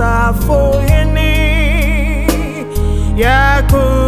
safo hini yako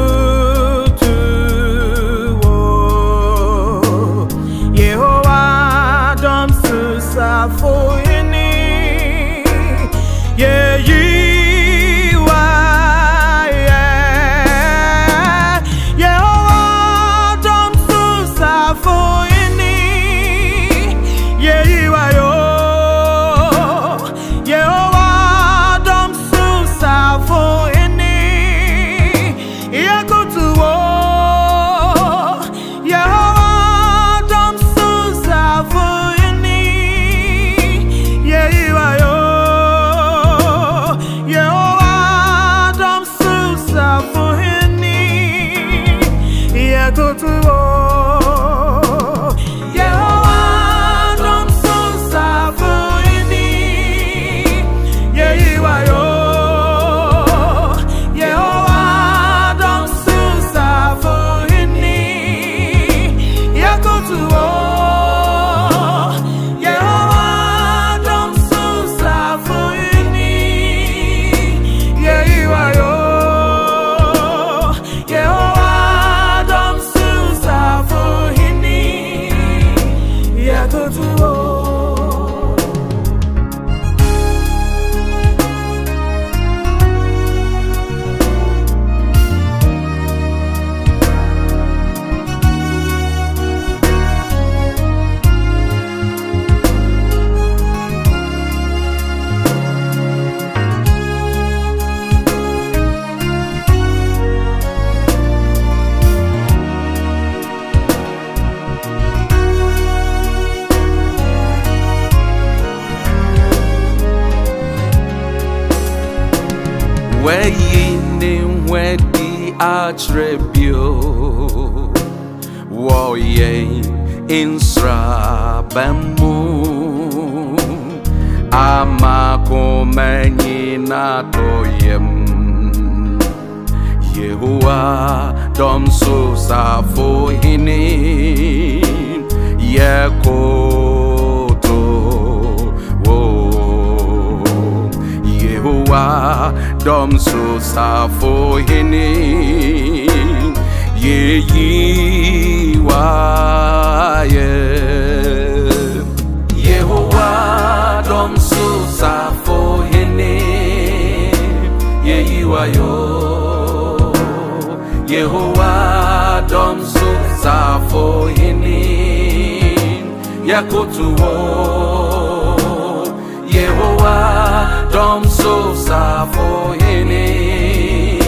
go to war. Yehowa, dom so sa for hene.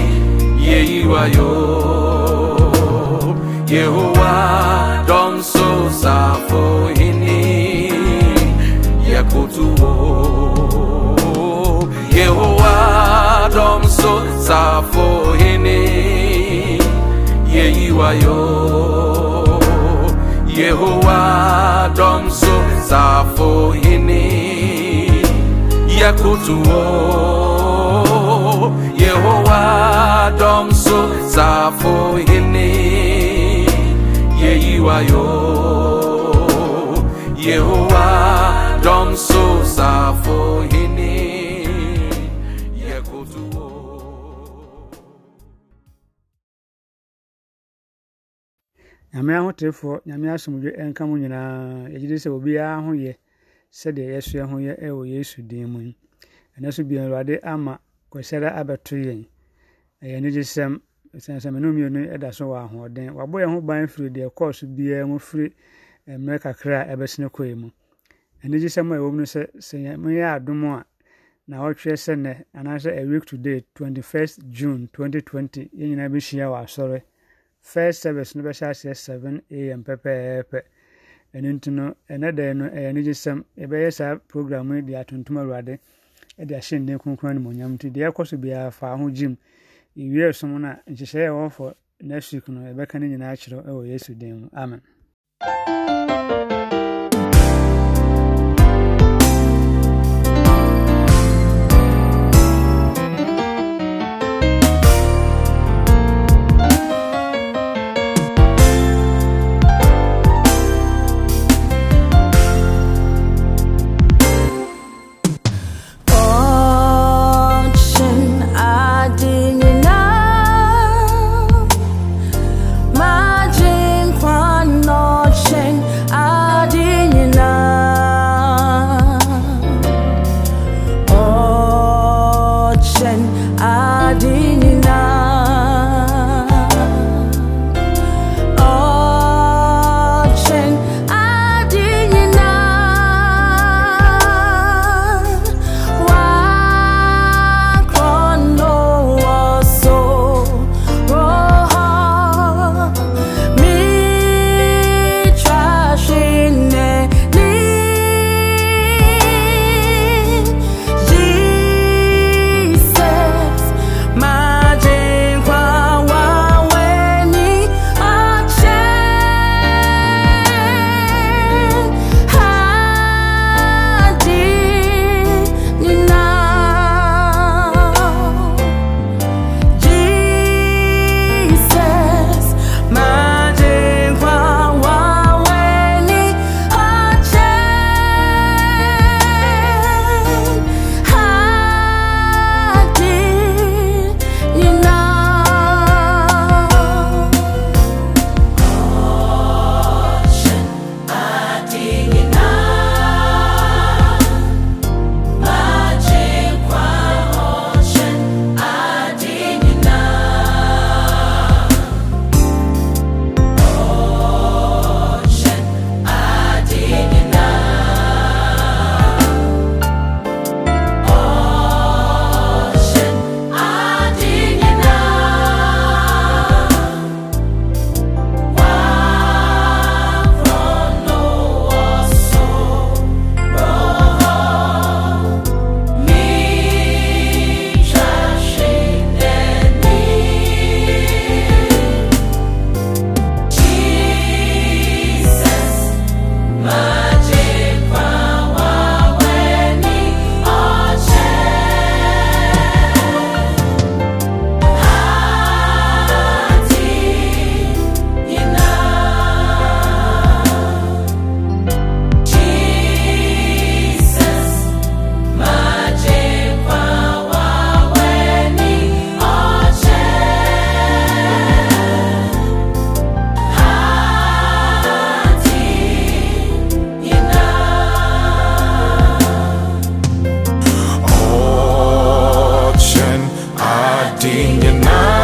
Yehiwa yo. Yehowa, dom so sa for hene. Ye go Yehowa, dom so sa for hene. yo yehowa dɔmso safohene yakutuwo yehowa dɔmso safohene yeyiwayo yehowa nyame ahotefoɔ nyame asomdwe ɛnka mo nyinaa yɛgyedi sɛ obiara ho yɛ sɛdeɛ yɛsoɛ ho yɛ ɛwɔ yesu din mu ɛno so bia awurade ama kwasɛra abɛto yɛn ɛyɛ anigye sɛm ɛsiane sɛ mene mmienu ɛda so wɔ ahoɔden wabɔ yɛn ho ban firi deɛ kɔɔ so biara mu firi eh, mmerɛ kakra a ɛbɛsene kɔe mu anigye sɛm a ɛwɔ mu no sɛ sɛ moyɛ adom a na wɔtwerɛ sɛ nnɛ anaasɛ a week today 21st june 2020 yɛn nyinaa bɛhyia wɔ asɔre first service no bɛhyɛ aseɛ 7 am pɛpɛɛpɛ ɛno nti no ɛnɛ dɛn no ɛyɛ no gye sɛm yɛbɛyɛ saa program de atontom awurade de ahyɛ nne kronkron no monyam nti deɛ ɛkɔ so biara fa ho gyim ewie som no a nhyehyɛeɛ ɛwɔ fɔ next week no yɛbɛka no nyinaa kyerɛw ɛwɔ yesu din mu amen ding and nine.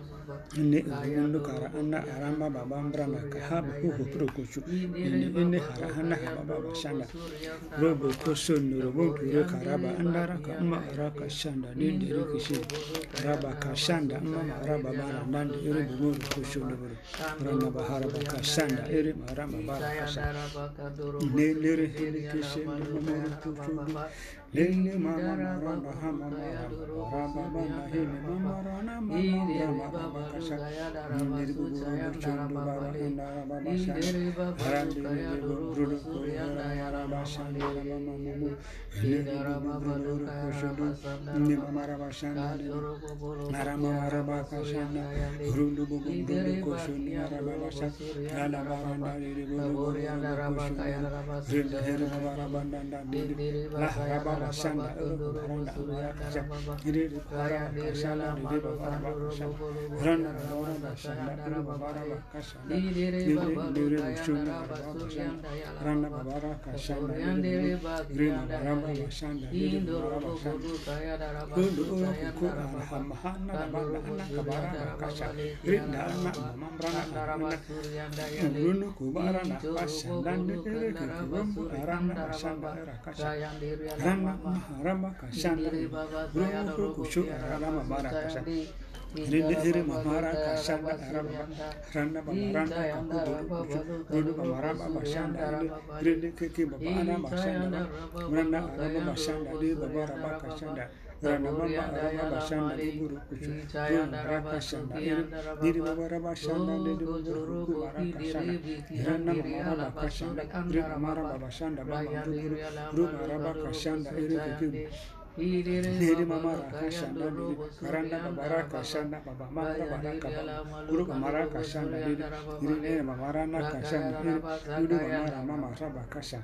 ene ugwundu kara ana arama baba mbrana kahaba huhu prokochu ene ene hara ana haba baba shanda robo koso nurobo turo karaba andara ka uma araka shanda nende rikishi raba ka shanda ama maraba bara nande ere bumuru koso nuburu rana bahara baka shanda ere marama bara kasha ene lere hele kishe nuburu koso Lili mama maranda hama ramba mama hini mama rana mama baba kasha niri guru chundu baba inda baba sha harandi niri guru kuri anda yara basha niri mama mumu niri guru guru kushudu niri mama raba sha niri narama maraba kasha rundu bugu guru kushudu nara baba sha nala baranda niri guru guru kushudu niri niri baba raba nanda niri lah raba rana rana Rama Kashanda Ruhu Kushu Rama Barakasha Rindir Mamara Kashanda Rama Randa Bamaranda Kakudu Rudu Bamaraba Bashanda Rindir Kiki Babana Bashanda Randa Rama Bashanda Di Babara Bakashanda Nere mama raka shanda nere karanda babara kashanda baba mara bara kaba guru kamara kashanda nere nere mama rana kashanda nere yudu mama rama mama raba kashanda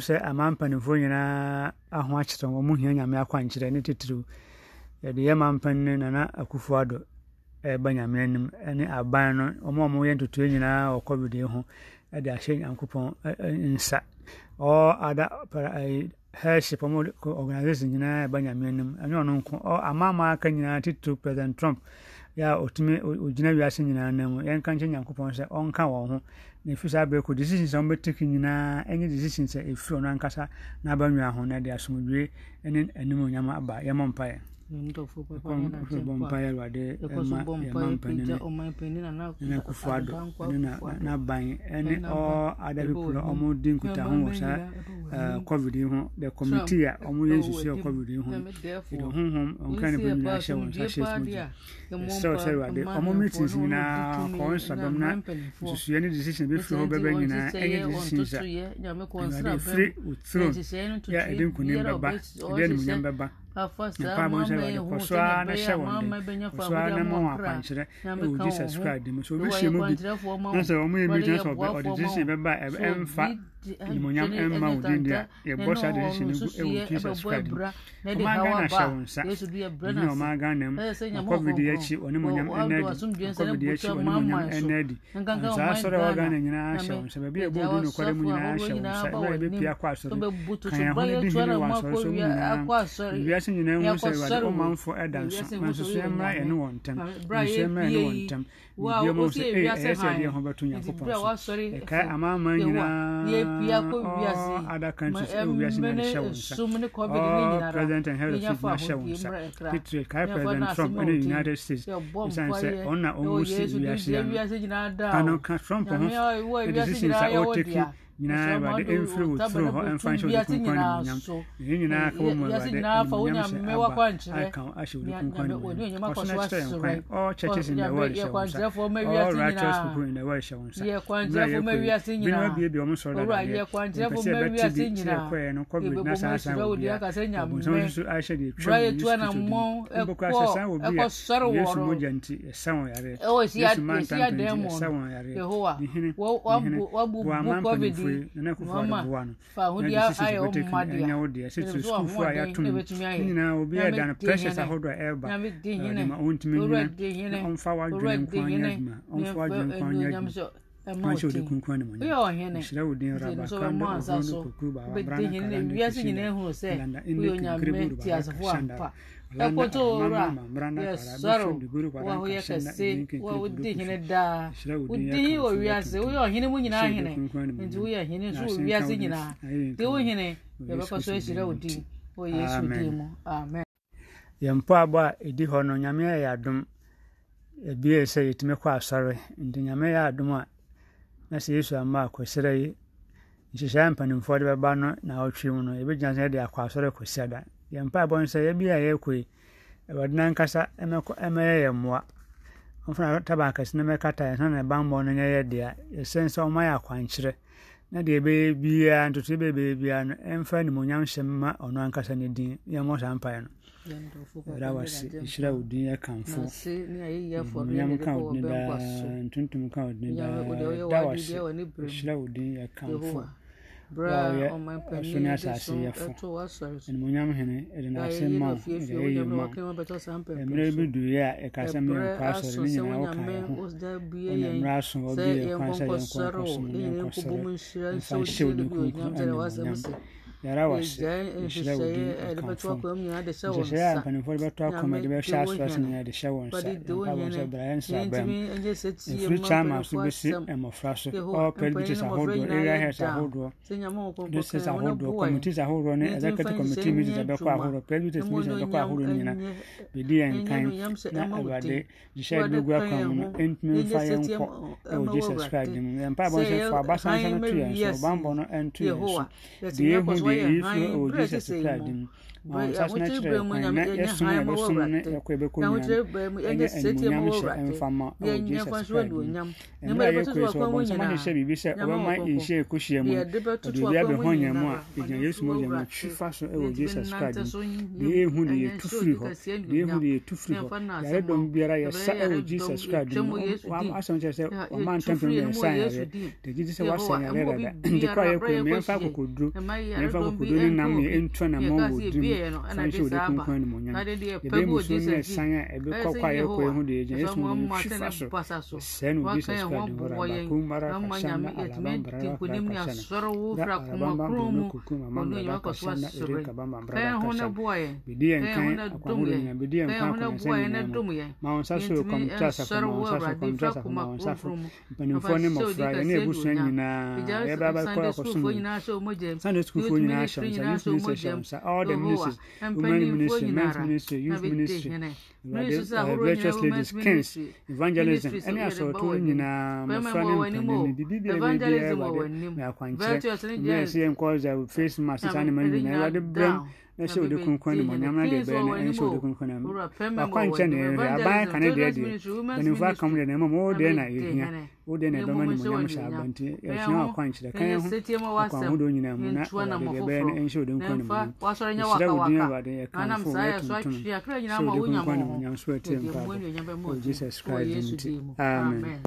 sɛ ama mpanifoɔ nyinaa aho akyerɛ wɔn mu hia nyame akɔ ankyerɛ ne titiriw yɛde yɛ ma mpanin nana akufo ado ɛreba nyame anim ne aban no wɔn a wɔyɛ ntotoe nyinaa wɔ covid ho de ahyɛ nyankopɔn nsa all other ɔm organisation nyinaa ɛba nyame anim ɛne ɔno nko amama aka nyinaa titiriw president trump yɛ a ɔtumi ɔgyina wiase nyinaa na mu yɛnka nkyɛ nyankopɔn sɛ ɔnka wɔn ho na efi saa abɛɛkɔ decisions a wɔbɛtake nyinaa ɛnyɛ decisions a efiri ɔno ankasa n'abanyɔ ho na ɛde asomdwe ɛne anim onyama aba yɛmɔ mpaeɛ bɔ mpaeɛ awurade ɛma mpanyini ne kufuado ne n'aban ɛne all other people a wɔdi nkutaho wɔ saa covid yi ho the committee a wɔyɛ nsusu wɔ covid yi ho ɛde honhom ɔnkra ne bɛ nyinaa hyɛ wɔn nsa hyɛ mu gye ɛsɛw sɛ awurade wɔn meetings nyinaa kɔ wɔn nsabam na nsusuɛ ne decision bɛfiri hɔ bɛbɛ nyinaa ɛnyɛ decision sa awurade efiri wo throne yɛ ɛde nkunim bɛba ɛde animuonyam bɛba mpamsɛɔsoa na hyɛ wɔndensoa na ma wɔn akwankyerɛ ɛwɔ jesus christ mu so obi hyɛ mu bi na sɛ wɔn yɛ bi gyina sɛ ɔde gyesɛ bɛba ɛmfa nimonyam ɛmma wo din deɛ yɛbɔ saa de hyɛ no gu ɛwɔ jesus christ mu ɔma ghana hyɛ wo nsa ɛne ɔma ghana mu covid akyi ɔne monyam ɛnɛ adi covid akyi ɔne monyam ɛnɛ adi saa sɔre ɛwɔ ghana nyinaa hyɛ wo nsa baabi a ɛbɔ odu nokware mu nyinaa hyɛ wo nsa ɛberɛ yɛbɛpia kɔ asɔre kan ɛho ne de hene wɔ asɔre so mu nyinaa wiase nyinaa hu sɛ awurade ɔmanfo ɛda nso nanso so ɛmmra ɛne wɔ ntɛm nanso ɛmmra ɛne wɔ ntɛm Eh, eh, eh, amama oh, oh, nyinaa president and head of president trump united states nyinaa awurade ɛmfiri wo turo hɔ ɛmfa nhyɛ wode kunkwan ne munyam ɛyɛ nyinaa ka wɔ mu awurade aka ahyɛ wode kunkwan ne munyam ɔsona kyerɛ yɛ nkwan all oh, churches in the world hyɛ wo nsa all righteous people in the world hyɛ wo nsa mmerɛ yɛkɔ binom abiebia ɔmo sɔre dadeɛ mpɛ sɛ ɛbɛte de kyerɛ kɔɛ no covid na saa san wɔ bia ɔbonsam nso ahyɛ de twa mu yesu to din mbɔkɔ ahyɛ san wɔ bia yesu mogya nti ɛsa wɔn yareɛ yesu mantam nti ɛsa wɔn yareɛ ne hene ne hene wɔ aman mpanimfoɔ na kɔfɔ de boa no ɛnyɛ wo deɛ sɛ tiri sukuufoɔ a yɛato no nyinaa obi ɛda no pressures ahodoɔ a ɛreba ɔde ma ɔntumi nyina na ɔmfa wadwene nkwa nyɛ adwuma ɔmfa wadwene nkwa nyɛ adwuma mahyɛ wode kunkun animonyamhyira wo din rabakanda ɔhono kuku bawabranakarandekɛlanda inde kinkriburu barakashanda ɛkoto wura yɛsɔro waho yɛ kɛse wodi hene daa wodi hene wɔ wiase woyɛ ɔhene mu nyinaa hene nti woyɛ hene nso wɔ wiase nyinaa de wo hene yɛbɛkɔ so ahyira wo din wɔ yesu din mu amen yɛmpo abɔ a ɛdi hɔ no nyame yɛ yɛ adom ebie sɛ yɛtumi kɔ asɔre nti nyame yɛ adom a na sɛ yesu amma akɔsrɛ yi nhyehyɛe a mpanimfoɔ de bɛba no na ɔtwe mu no yɛbɛgyina sɛ yɛde akɔ asɔre kɔsia da yɛmpa abɔ no sɛ yɛbi a yɛkɔ yi awurade no ankasa ɛmɛyɛ yɛ mmoa ɔmfa nataban akɛse no mɛkata yɛn sana ɛbammɔ no nyɛ yɛ dea yɛsɛn sɛ ɔma yɛ akwankyerɛ na deɛ ɛbɛyɛ biara ntotoe bɛbɛyɛ biara no ɛmfa animonyam hyɛ ma ɔno ankasa ne din yɛmmɔ saa mpaeɛ no rawase nhyira wo din yɛ kamfo onyam ka wo din daa ntontom ka wo din daawase nhyira wo din yɛ kamfo wɔyɛ ɔso ne asase yɛfo animonyam hene ɛde naase ma wo ɛde ɛyɛ ma wo mmerɛ bi duiɛ a ɛka sɛ mmerɛ nkɔ asɔre ne nyinaa woka yɛ ho ɔne mmerɛ aso ɔbi yɛ kwan sɛ yɛnkɔ nkɔ so ne yɛnkɔ sɔre mfa nhyɛ wo ne kunkum animonyam yɛrɛ wɔ se nhyira wɔ din nkamfo nhyehyɛ a mpanimfoɔ de bɛtɔ akoma de bɛhyɛ asoase nyinaa de hyɛ wɔn nsa mpa wɔn sɛ brayɛ nsrabaa mu ɛfiri kyama so bɛsi mmɔfra so all presbyters ahodoɔ area heads ahodoɔ districts ahodoɔ committees ahodoɔ ne executive committee meetings ɛbɛkɔ ahodoɔ presbyters meetings ɛbɛkɔ ahodoɔ no nyina bɛdi yɛn nkan na awurade nhyehyɛ de bɛgu akwan mu no ɛntumi mfa yɛn nkɔ ɛwɔ jesus christ mu yɛmpa abɔnsɛ fo abasansa no to yɛn so ɔbanbɔ no ɛnto deɛ yesu ɔgye sasena kyerɛ kwan na yɛsom na yɛbɛsom no yɛkɔ yɛbɛkɔ nyam ɛnyɛ animonyam hyɛ ɛmfa ma ɛwɔ gye sasena ne mmerɛ yɛkɔɛ sɛ ɔbɔ nsɛm ahyehyɛ biribi sɛ ɔbɛma nhyɛ ɛkɔhyia mu ɔdebi abɛho nya mu a ɛgyina yesu mu ɔgyama twi fa so ɛwɔ jesus christ mu deɛ ɛhu deɛ yɛtu firi hɔ deɛ ɛhu deɛ yɛtu firi hɔ yɛredɔm biara yɛsa ɛwɔ jesus christ mu asɛm kyerɛ sɛ ɔma ntampem yɛnsa yɛreɛ deɛ gye sɛ wasɛ yɛreɛ dada nti kora yɛkɔ kodo ne nam yɛ ntua na ma wɔ di mu fa nhyɛ wɔde kunkun ne mu nyam yɛbɛn mu so ne san a ɛbɛ kɔ kɔ a yɛ kɔ ɛho de yɛ gyina mu fi fa so sɛn o jesus christ wɔra baako mara kasa na alaba mbara kasa na da alaba mba bɛn no kuku mama mbara kasa na ere kaba mba mbara kasa bidi yɛn kan akwahoro nyina bidi yɛn kan akɔnɛsɛn nyina no ma wɔn nsa so kɔmputa asafo ma wɔn nsa so kɔmputa asafo ma wɔn nsa so mpanimfoɔ ne mmɔfra yɛne ebusua nyinaa yɛbɛ abɛkɔ akɔsom sunday school fo nations, youth ministrations, all the ministries, women ministry, men's ministry, youth ministry, virtuous ladies, kings, evangelism, ɛne asɔɔto nyinaa mmɔfra ne mpanini bibi bia baabi a ɛwɔ de na akwankyerɛ na ɛsɛ yɛn face mask saa ne ma nyinaa ɛwɔ de na ɛhyɛ odi kunkun ne mɔnyam e na deɛ bɛyɛ no ɛnhyɛ odi kunkun na mu wakɔ nkyɛn na aban ka ne deɛ deɛ mpanimfoɔ aka mu deɛ na ɛmam wo na ɛhia wo na ɛbɛma ne mɔnyam hyɛ aba nti ɛhia wakɔ nkyerɛ kan ho wakɔ ahodoɔ nyinaa mu na ɛwɔ no ɛnhyɛ odi kunkun ne mɔnyam ɛhyira wo awurade yɛkamfo yɛ tuntum hyɛ odi kunkun ne mɔnyam so ɛtie mpaabɔ jesus christ nti amen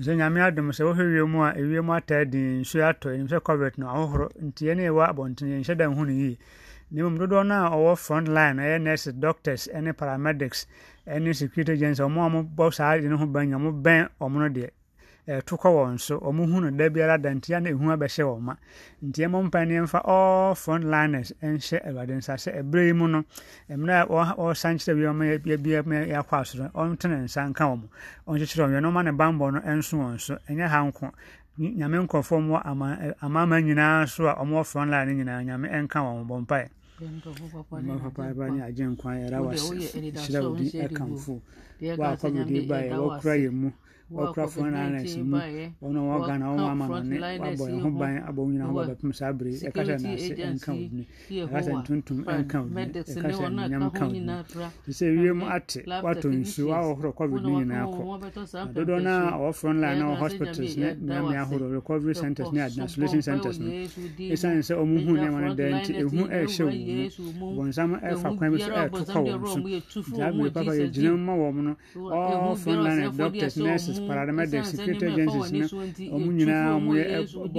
nso nyame adom sɛ wohwɛ wiem a ewiem ataa din nsuo atɔ ɛnim sɛ covid no ahohoro nti ɛne ɛwɔ abɔnten yɛnhyɛ da nhu no yie na mmom dodoɔ no a ɔwɔ front line ɛyɛ nurses doctors ne paramedics ne security agents ɔmo a mobɔ saa de no ho ban nyamo bɛn ɔmo no deɛ ɛɛto eh, kɔ wɔn so ɔmo hu no da biara da ntia na ehu abɛhyɛ wɔn ma ntia mo mpa ne all front liners ɛnhyɛ awurade nsa sɛ ɛbere yi mu no mmerɛ a ɔsan kyerɛ bi ɔmo bi yɛakɔ asoro ɔnte ne nsa nka wɔn ɔnkyekyere wɔn yɛn ɔma ne bammɔ no ɛnso wɔn so ɛnyɛ ha nko nyame nkɔfoɔ mo amaama nyinaa so a ɔmo wɔ front line nyinaa nyame ɛnka wɔn bɔ mpaeɛ mapapa ne agye nkwa yɛra wase hyira wo wɔkura eh. front liners eh, eh, mu wɔn a wɔga na wɔn ama no ne wɔabɔ yɛn ho ban abɔ nyina ho bɛpem saa bere ɛkasa naase ɛnka wo dini ɛkasa ntuntum ɛnka wo dini ɛkasa nyam ka wo dini te sɛ wiem ate watɔ nsuo ahohoro covid no nyinaa kɔ na dodoɔ no a ɔwɔ front line na wɔ hospitals ne mmeammea ahorow recovery centers ne isolation centers no ɛsiane sɛ ɔmo hu nneɛma no dɛn nti ɛhu ɛɛhyɛ wo mu bɔnsam ɛfa kwan bi so ɛɛto kɔ wɔn so nti abere papa yɛgyina mu ma wɔn no ɔwɔ front line doctors nurses paramedics de, security agencies na ɔmo nyinaa ɔmo yɛ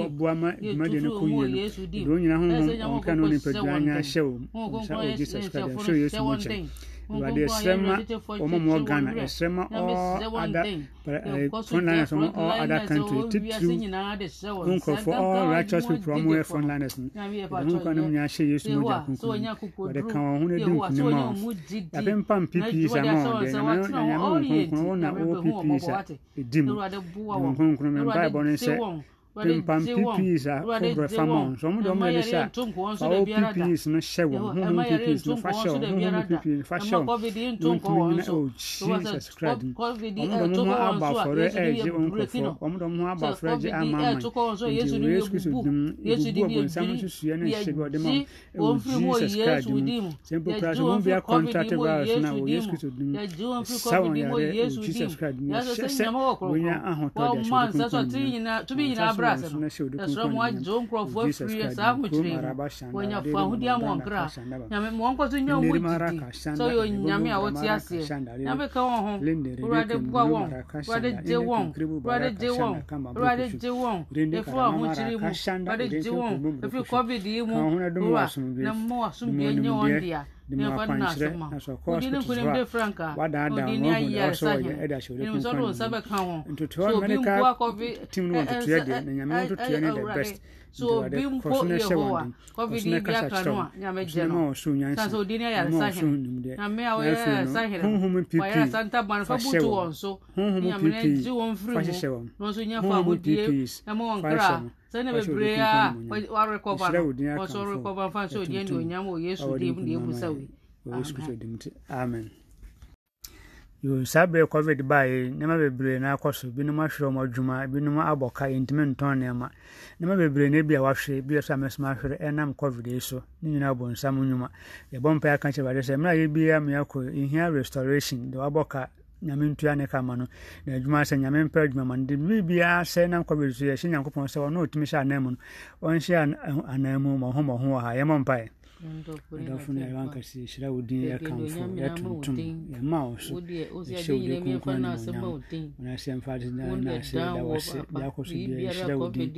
ɛboa ma dwumadie no kɔ yie no deɛ ɔnyinaa honhom ɔmo ka no nipadua nyɛ ahyɛ wɔ mu ɔmo sɛ jesus christ ɛhyɛ yesu mu kyɛn awurade ɛsrɛ ma wɔn mu ghana ɛsrɛ ma all other eh, frontliners wɔn all other country titiri wɔn nkurɔfoɔ all righteous people wɔn yɛ frontliners no wɔn mu kwan mu nyɛ ahyɛ yesu mu gya kunkun wɔde ka wɔn ho ne di nkunim a yɛbɛ mpa mpipi sa ma wɔn deɛ nyame nyame wɔn nkonkron wɔn na wɔwɔ pipi edi mu wɔn nkonkron mɛ mpa ɛbɔ ne nsɛ pimpam ppis ah, a kobrɛ fa ma wɔn so wɔn de wɔn fa wɔ ppis no hyɛ wɔn huhu ppis no fa hyɛ wɔn huhu ppis no fa hyɛ wɔn wɔn nyina ɛwɔ jesus christ mu um wɔn um um de ho abɔ afɔre ɛgye wɔn nkurɔfoɔ wɔn ho abɔ afɔre ɛgye ama ama nti wɔ yesu kristo dum ebubu ɔbɔnsam nsusua ne nhyɛ bi ɔde ma wɔn jesus christ mu sɛmpo kura so wɔn bia kɔntrate virus na wɔ yesu kristo dum sa wɔn yare jesus christ mu yɛhyɛ sɛ wɔnya ahotɔ de ahyɛ wɔn kunkun kra ase no ɛsrɛ mo agye wo nkurɔfoɔ afiri saa ahokyerɛ mu wɔanya fa ahodi ama wɔn kra nyame ma wɔnkɔ so nya mu gyidi sɛ ɔyɛ onyame a wɔte aseɛ nyame ka wɔn ho wurade boa wɔn wurade gye wɔn wurade gye wɔn wurade gye wɔn ɛfiri ahokyerɛ mu wurade gye wɔn ɛfiri covid yi mu wura na mma wasomdua nyɛ wɔn dea de mu akwankyerɛ nso kɔ hospital so a wadaadaa wɔn ɔhu na ɔsɛ ɔyɛ ɛde ahyɛ ɔde kunkun ne mu ntotoa mɛne ka tim no wɔn ntotoa deɛ na nyame wɔn ntotoa ne so obi mpo yehowa covid yi bi aka no a nyame gye no sanso odi ne ayaresa hene nyame a wɔyɛ ayaresa hene wɔyɛ ayaresa ntaban fa butu wɔn so nyame ne gye wɔn firi mu na nso nya fa agodie ɛma wɔn kra sɛne bebree a warekɔba no wɔso rekɔba mfa nso odi ɛne onyam wɔ yesu dim ne ɛmu sɛ we amen saa berɛ covid baeɛ nneɛma bebree na akɔ so binom ahwerɛ wɔn adwuma binom abɔ ka yɛntumi ntɔn nneɛma nneɛma bebree na ebi a wahwere bi a so a ahwere ɛnam covid yi so ne nyinaa bɔ nsam nnwuma yɛbɔ mpa aka kyerɛ wade sɛ mmerɛ a yɛbia meakɔ yɛhia restoration deɛ wabɔ ka nyame ntua ne kama no na adwuma sɛ nyame mpɛ adwuma ma no de biribiaa sɛ na covid so yɛhyɛ nyankopɔn sɛ ɔno ɔtumi hyɛ anan mu no ɔnhyɛ anan mu ma ɔho ma ɔho wɔ ha yɛmmɔ mpaeɛ ɛda funu yɛ wan kɛse hyira wo din yɛ kanfo yɛ tuntum yɛ ma wo so yɛ wo de kunkun na mo nyam wɔn ase mfa de na na ase da wɔ se da kɔ so bi yɛ hyira wo din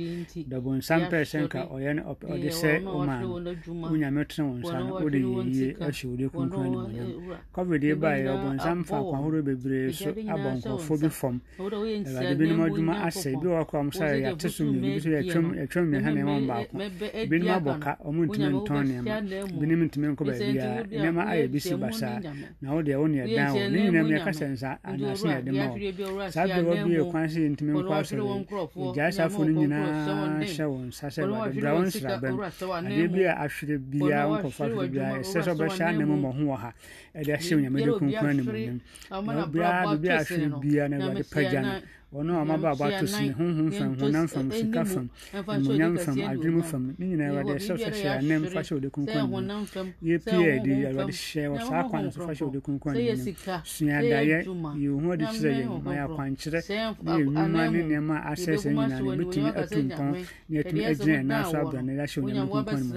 dɔbɔ nsam pɛrɛsɛn ka ɔyɛ no ɔde sɛ ɔma no wo nyame tena wɔn nsa no wo de yɛ yie ɛhyɛ wo de kunkun na mo nyam covid yɛ ba yɛ ɔbɔ nsam fa kwan ahorow bebree so abɔ nkɔfo bi fam ɛwɛde binom adwuma asɛ bi wɔ kɔ ɔmo sa yɛate so mmienu bi so yɛ twɛm yɛ twɛm mmiɛnsa baako binom abɔ ka ɔmo ntumi ntɔn nneɛma binim ntumi nkɔ baabi a nneɛma ayɛ bi si basa na wo deɛ wo ne ɛdan wo ne nyinam yɛkasa nsa anaase na yɛde ma wo saa berɛ wɔ bi yɛ kwan sɛ yɛntumi nkɔ asɔre gyaa saafo no nyinaa hyɛ wo nsa sɛ wade bra wo nsrabam adeɛ bi a ahwere bia, nkɔfa ahwere biara ɛsɛ sɛ wobɛhyɛ anam mmɔho wɔ ha ɛde ahyɛ onyamede kunkun animuonyam na wobiara biribi ahwere biara na awurade pagya no ɔno a ɔmaba aba ato so ne honhom fam honam fam sika fam nimonyam fam adwene fam ne nyinaa awurade ɛhyɛ sɛ hyɛ anem fa hyɛ wode konkon nim yɛpie adi awurade hyɛ wɔ saa kwan so fa hyɛ wode konkon nim suadaeɛ yɛ ohu ade kyerɛ yɛn ma yɛ akwankyerɛ ne yɛ nnwuma ne nneɛma a asɛ sɛ nyinaa no bɛtumi atu mpɔn ne yɛtumi agyina yɛn nan so abra ne yɛahyɛ onyame konkon mu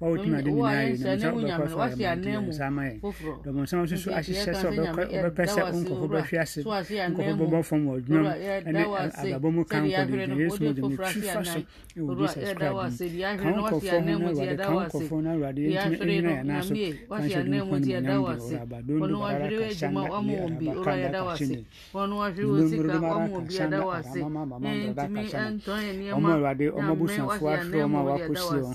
wa wɔtumi ade nyinaa yɛ nam sɛ wobɛkɔ so ayɛ mantin saa ma yɛ dɔmɔnsɛm nso so ahyehyɛ sɛ wobɛpɛ sɛ wo nkɔfo bɛhwe ase nkɔfo bɛbɔ fam wɔ adwuma ababɔ mu ka nkɔde de yesu mɔde ne twi fa so ɛwɔ jesus christ mu ka nkɔfɔ ho no awurade ka nkɔfɔ no awurade yɛntumi ɛnyina yɛn naso ka nhyɛ ne nkwa ne nyam de ɔwɔ abadon do bara kasa na ɛyɛ abaka da kasa ne mbembere do mara kasa na aramama mama mbɛda kasa na ɔmo awurade ɔmo abusuafoɔ ahwɛ ɔmo a wakɔsie wɔn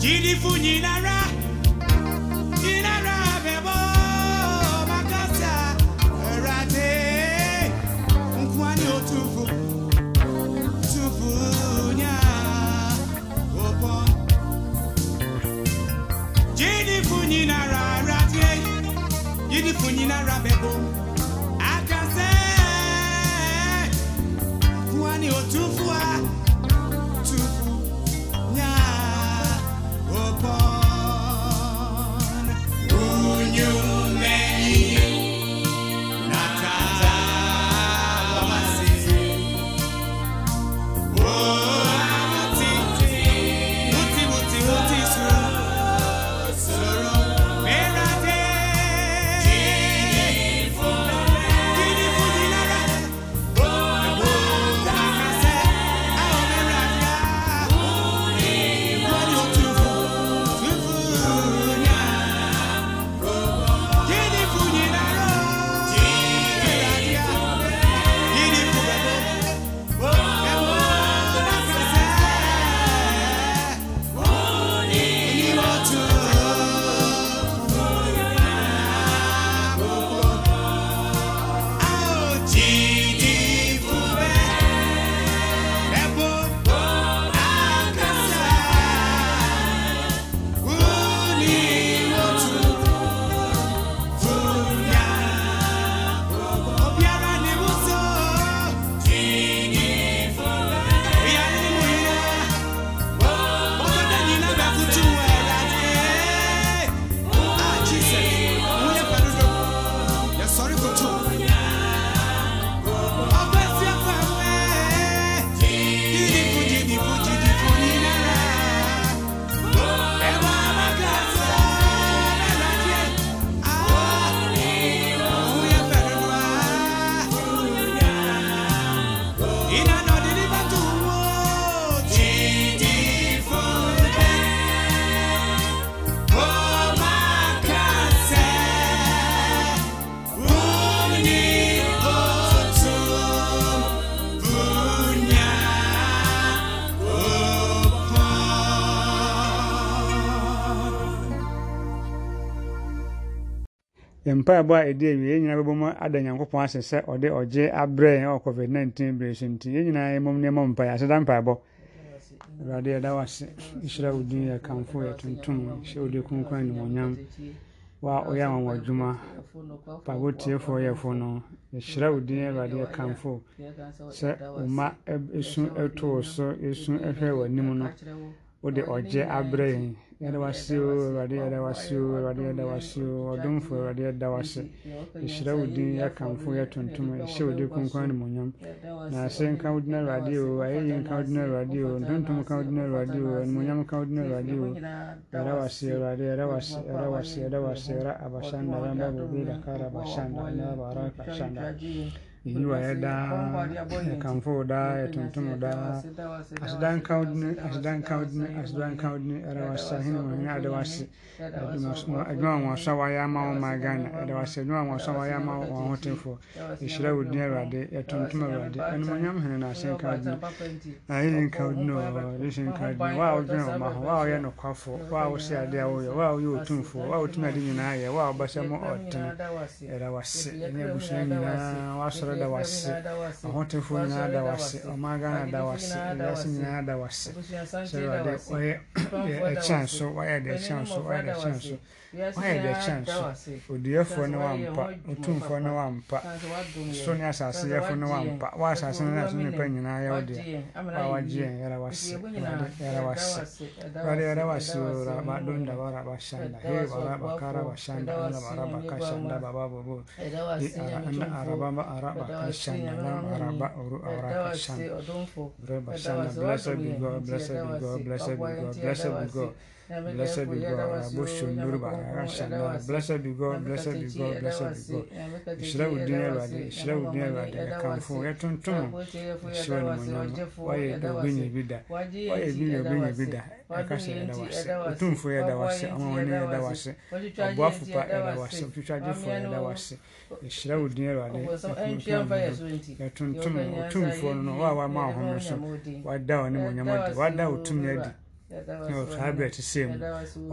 Jidi funyi nara. nyinara ara die yidi fun nyinara bebo akasẹ fua ni otu fua. mpaebɔ a ɛdi awie yɛn nyinaa bɛbɔ mu ada nyankopɔn ase sɛ ɔde ɔgye abrɛ yɛn wɔ covid nineteen bere so nti yɛn nyinaa yɛ mom nneɛma mpaeɛ aseda mpaebɔ awurade yɛda wo ase nhyira wo din yɛ kamfo yɛ tuntum hyɛ wode kunkun animonyam wa ɔyɛ anwanwadwuma mpaebɔ tiefoɔ yɛfo no yɛhyira wo din awurade yɛ kamfo sɛ ɔma ɛsu ɛto wo so ɛsu ɛhwɛ wɔ anim no wode ɔgye abrɛ yɛn yarwasi wari yarwasi wari yarwasi ɔdomfo wari yɛdawase ehyira wodi yakamfo yɛtontom ehyɛ wodi kunkun animonyam na ase nka wodina awurade o yara abashanda yara babu bi dakara abashanda yara baraka abashanda. yiwa yɛ daa yɛkamfo wo daa yɛtontom wo daa aseda nka wo dene aseda nka wo dene aseda nka wo dene ɛda wase ahene wɔ hene ada wase adwuma a wɔasa wayɛ ama wo ma ghana ɛda wase adwuma a wɔasa wayɛ ama wɔn ahotenfoɔ yɛhyira wo din awurade yɛtontom awurade ɛnomonyam hene no ase nka wo dene ayɛyɛ nka wo dene wɔ yesu nka wo dene wo a wodwene wo ma ho wo a woyɛ nokwafo wo a wosɛ adeɛ a woyɛ wo a woyɛ otumfoɔ wo a wotumi ade nyinaa yɛ wo a wobɛsɛ mo ɔtene da wase ahotefoɔ nyinaa da wase ɔman oh ghana da wase wiase nyinaa da wase sɛ awurade ɔyɛ ɛkyɛn so ɔyɛ de ɛkyɛn so ɔyɛ de ɛkyɛn so wayɛ dɛkyɛn so odiɛfoɔ no wampa otumfoɔ no wampa so ne asase yɛfo no wampa waasase no naso nipa nyinaa yɛwo deɛ wawagyeɛ yɛra wase yɛra wase wade yɛra wase raba donda wara bashanda he wara bakara bashanda ana bara baka shanda baba bobo ana araba ba araba ka shanda na araba oru awara ka shanda reba shanda blessed be God blessed be God blessed be God blessed be God blessed be God rabo shonduru ba MashaAllah. Blessed be God, blessed be God, blessed be God. Nhyira wo din Awurade, nhyira wo din Awurade, yɛkamfo, yɛtontom wo. Nhyira wo nimonyam. Woayɛ dɔbɛnyɛ bi da, woayɛ bi na ɔbɛnyɛ bi da. Yɛkasa yɛda wase, otumfo yɛda wase, amamɔne yɛda wase, ɔboafo pa yɛda wase, otwitwagyefo yɛda wase. Nhyira wo din Awurade, yɛtontom wo, otumfo no no, wo wama wo ho no so, wada wo nimonyam adi, wada wo tumi adi. otwabere ekisiimu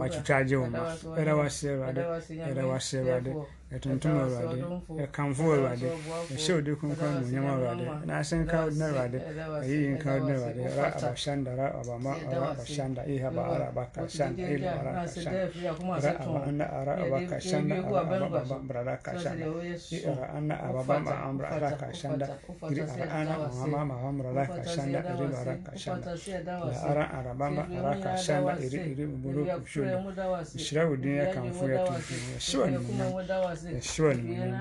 wakikyagye wuma era wasiibadde era wasiibadde yɛtontom awurade yɛkamfo awurade yɛhyɛ wode kronkron anuonyam awurade naase nka awurade ayiyi nka wode awurade ra abashanda ra abama ra abashanda ihaba ara abakashanda ila ara kashanda ra abana ara abakashanda ara ababa brada kashanda ira ana ababa ma amra ara kashanda iri ara ana mahama maham ra kashanda iri ara kashanda la ara arabama ara kashanda iri iri bulu kushuda shira wode yɛkamfo yɛtontom yɛhyɛ wode anuonyam yashuwa ni mwenyewe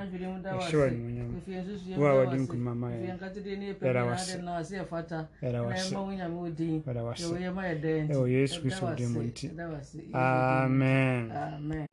yashuwa ni mwenyewe wa wadi mkulima ya yara wase yara wase yara wase ewo yesu kristo de munti amen amen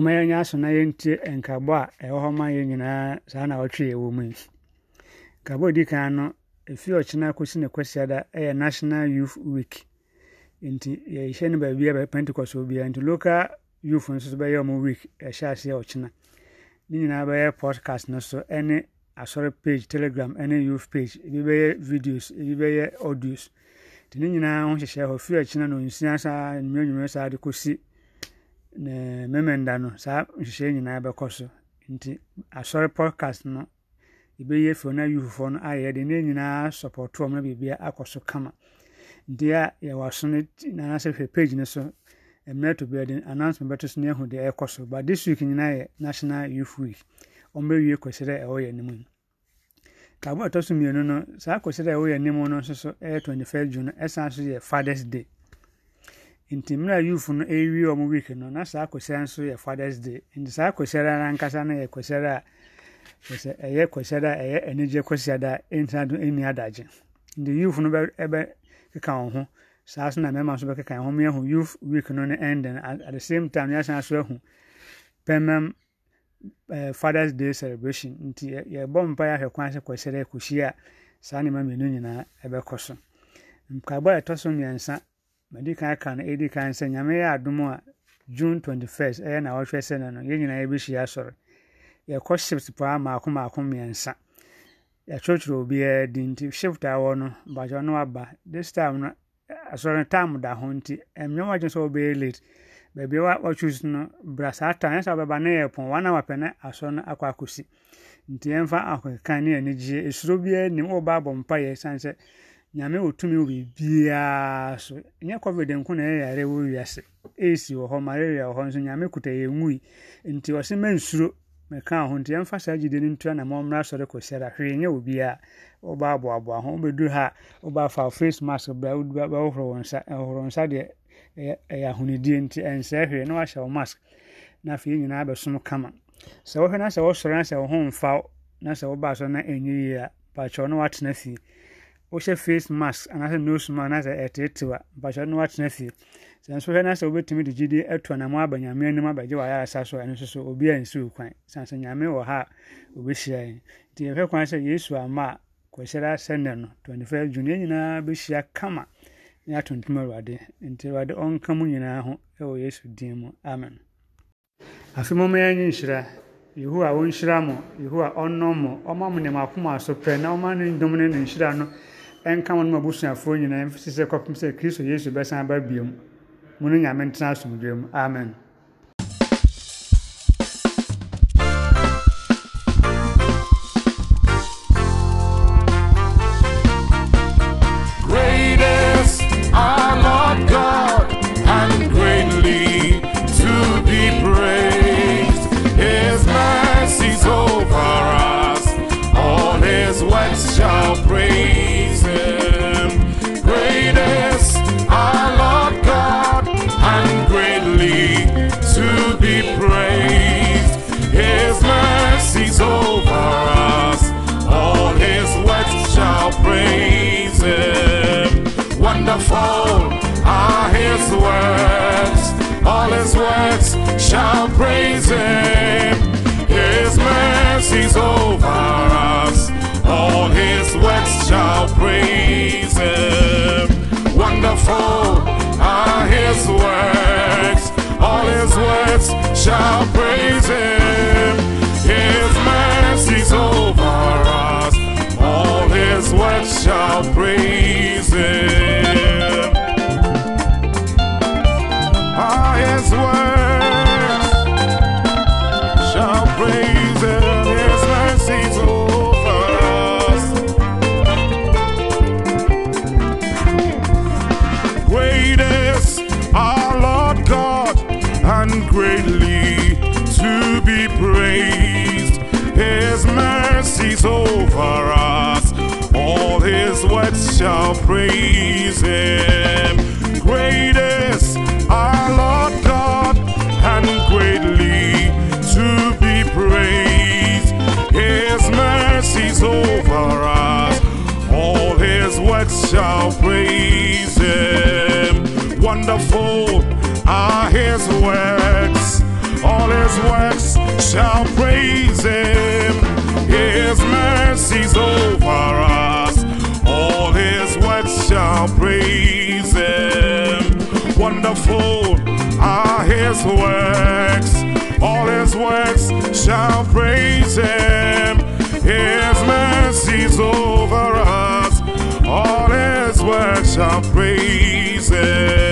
mma yɛnyɛ aso na yɛntie nkabɔ a ɛwɔ hɔ ma nyinaa saa na ɔtwe yɛ wɔ mu yi nkabɔ a ɛdi kan no ɛfiri ɔkyena kɔsi ne kwasiada ɛyɛ national youth week nti yɛhyɛ no baabi a nti local youth nso bɛyɛ ɔmo week ɛhyɛ ase ɔkyena ne nyinaa bɛyɛ podcast no ɛne asɔre page telegram ɛne youth page ebi bɛyɛ videos ebi bɛyɛ audios nti ne nyinaa ho hyehyɛ na saa nnwuma nnwuma saa na memenda no saa nhyehyɛ nyinaa bɛkɔ so nti asɔre podcast no yɛbɛyɛ afiri no ayuhufoɔ no ayɛ de ne nyinaa sɔpɔtoɔ m na biribia akɔ so kama nti a yɛwɔ aso no anaasɛ hwɛ page no so mmerɛ to bia de announcement bɛto so ne ahu ɛkɔ so but this week nyinaa yɛ national youth week ɔmbɛwie kɔsɛdɛ ɛwɔ yɛ anim yi kabo ɛtɔ so mmienu no saa kɔsɛdɛ ɛwɔ yɛ anim no nso so ɛyɛ 25 june ɛsan so yɛ fathers day nti mmerɛ youth no ɛrewie wɔn week no na saa akɔhyɛ nso yɛ fathers day nti saa akɔhyɛ no ankasa no yɛ kɔhyɛ a sɛ ɛyɛ kɔhyɛ da ɛyɛ anigye kɔhyɛ da ɛntina do ɛnni adagye nti youth no bɛ ɛbɛ keka wɔn ho saa so na mmarima nso bɛkeka wɔn ho yɛhu youth week no ne ending at the same time yɛasan aso ahu pɛmɛm ɛɛ eh, fathers day celebration nti yɛbɔ mpa yɛ ahwɛ kwan sɛ kɔhyɛ da kɔhyia saa nneɛma mmienu nyinaa ɛbɛkɔ so mpaebɔ a ɛtɔ so mmiɛnsa madi kan ka no ɛdi kan sɛ nyame yɛ adom a june 21st ɛyɛ na wɔhwɛ sɛ no no yɛn nyinaa yɛbɛhyia asɔre yɛkɔ shift paa maako maako mmiɛnsa yɛtwerɛtwerɛ obiara di nti shift a wɔ no bakyɛ no aba this time no asɔre no time da ho nti ɛmnyɛ wɔgye sɛ wobɛyɛ late baabi a wɔchus no bra saa time ɛsɛ wɔbɛba no yɛ pɔn wɔn a wɔpɛ no asɔre no akɔ akɔsi nti yɛmfa akɔkan ne anigyeɛ esuro biara nim wɔba abɔ mpa yɛ san sɛ nyame wɔ tumi wɔ biribiara so nyɛ covid nko na ɛyare wɔ wiase ɛsi wɔ hɔ malaria wɔ hɔ nso nyame kuta yɛ nwui nti ɔse ma nsuro mekaa ho nti yɛmfa saa gyide no ntua na mɔmmra sɔre kɔsiara hwee nyɛ obiaa woba aboaboa ho wobɛduru ha wobaafa face mask bra bɛhohoro wɔ nsa ɛhohoro nsa deɛ ɛyɛ ahonidie nti ɛnsɛɛ hwee na wahyɛ wo mask na afei nyinaa bɛsom kama sɛ wohwɛ na sɛ wosɔre na sɛ wo ho mfaw na sɛ wobaa sɔ na ɛnyɛ yie a pakyɛw na woatena fie wohyɛ face mask anaasɛ nose mask na sɛ ɛteetew a mpakyɛ no watena fie sɛ nso hwɛ na sɛ wobɛtumi de gyidi ɛto anamo aba nyame anim abɛgye wɔ ayaresa so a ɛno nso so obi ansi wo kwan san sɛ nyame wɔ ha a obɛhyia yɛn nti yɛhwɛ kwan sɛ yesu ama a kɔhyɛra sɛnnɛ no five june nyinaa bɛhyia kama ne atontom awurade nti awurade ɔnka mu nyinaa ho ɛwɔ yesu din mu amen afe mɔma yɛnye nhyira yehowa wonhyira mo yehowa ɔnnɔ mo ɔma mo nneɛma akoma so pɛ na ɔma ne ndom ne ne nhyira no ɛnka wɔn mu abusuafoɔ nyinaa mfisi sɛ kɔpem sɛ kristo yesu bɛsan aba biom mu no nyame ntena asomdwa mu amen shall praise him. Great is our Lord God, and greatly to be praised. His mercies over us, all his works shall praise him. Wonderful are his works, all his works shall praise him. His mercies over us. Shall praise Him. Wonderful are His works, all His works shall praise Him. His mercies over us, all His works shall praise Him.